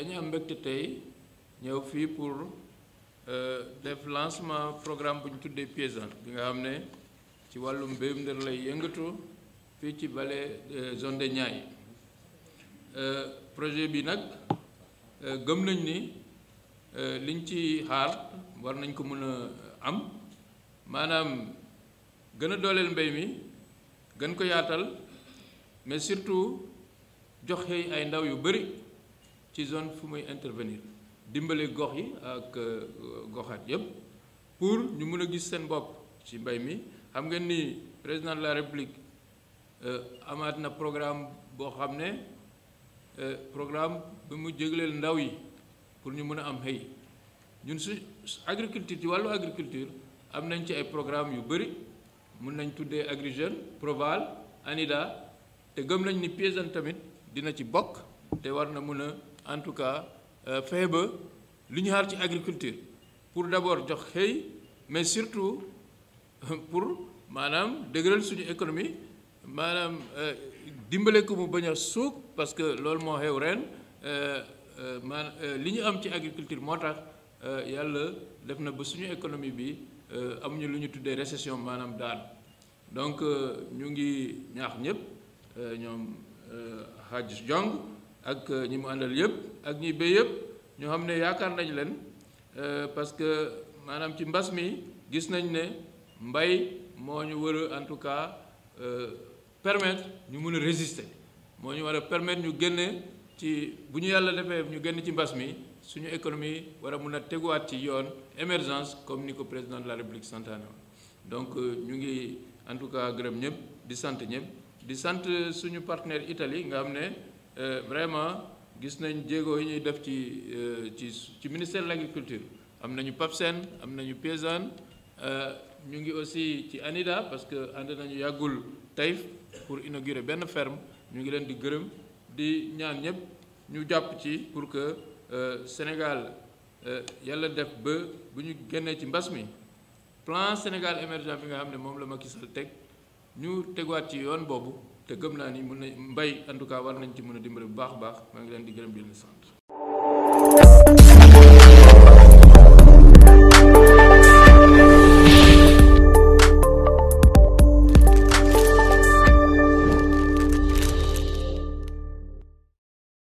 dañu am tey ñëw fii pour euh, def lancement programme buñ tuddee paysan bi nga xam ne ci wàllum mbéyum ndër lay yëngatu fii ci vallée zone des Niayes euh, projet bi nag euh, gëm nañ ni liñ ci xaar war nañ ko mën a am maanaam gën a dooleel mbéy mi gën ko yaatal mais surtout joxe ay ndaw yu bari ci zone fu muy intervenir dimbale gox yi ak euh, goxaat yëpp pour ñu mun a gis seen bopp ci mbay mi xam ngeen ni président de la république euh, amaat na programme boo xam ne euh, programme bi mu jégleel ndaw yi pour ñu mun a am xëy ñun su agriculture ci wàllu agriculture am nañ ci ay programme yu bëri mun nañ tuddee Agri Jeunes Proval ANIDA te gëm nañ ni paysan tamit dina ci bokk te war na mun a en tout cas euh, fexe ba lu ñu xaar ci agriculture pour d'abord jox xëy mais surtout pour maanaam dëgëral suñu économie maanaam euh, dimbale ko mu bañ a suug parce que loolu moo xew ren euh, maan li ñu am ci agriculture moo tax yàlla def na ba suñu économie bi amuñu lu ñu tuddee récession maanaam daan donc ñu ngi ñaax ñëpp ñoom Hadj Jong ak euh, ñi mu àndal yëpp ak ñi béy yëpp ñoo xam ne yaakaar nañ leen euh, parce que maanaam ci mbas mi gis nañ ne mbay moo ñu war a en tout cas euh, permetre ñu mun a résister moo ñu war a permettre ñu génne ci bu ñu yàlla defee ñu génn ci mbas mi suñu économie war mun a teguwaat ci yoon émergence comme ni ko président de la république santaane donc ñu ngi en tout cas gërëm ñëpp di sant ñëpp di sant suñu partenaire Italie nga xam ne. Euh, vraiment gis nañ jéego yi ñuy def ci euh, ci ci ministère de l'agriculture am na ñu PAPSEN am nañu paysan euh, ñu ngi aussi ci ANIDA parce que ànd nañu yàggul Taïf pour inaugurer benn ferme ñu ngi leen di gërëm di ñaan ñëpp ñu jàpp ci pour que Sénégal yàlla def ba bu ñu génnee ci mbas mi plan Sénégal émergent bi nga xam ne moom la Macky Sall teg ñu teguwaat ci yoon boobu te gëm naa ni mun na mbay en tout cas war nañ ci mën a bu baax a baax maa ngi leen di gërëm di leen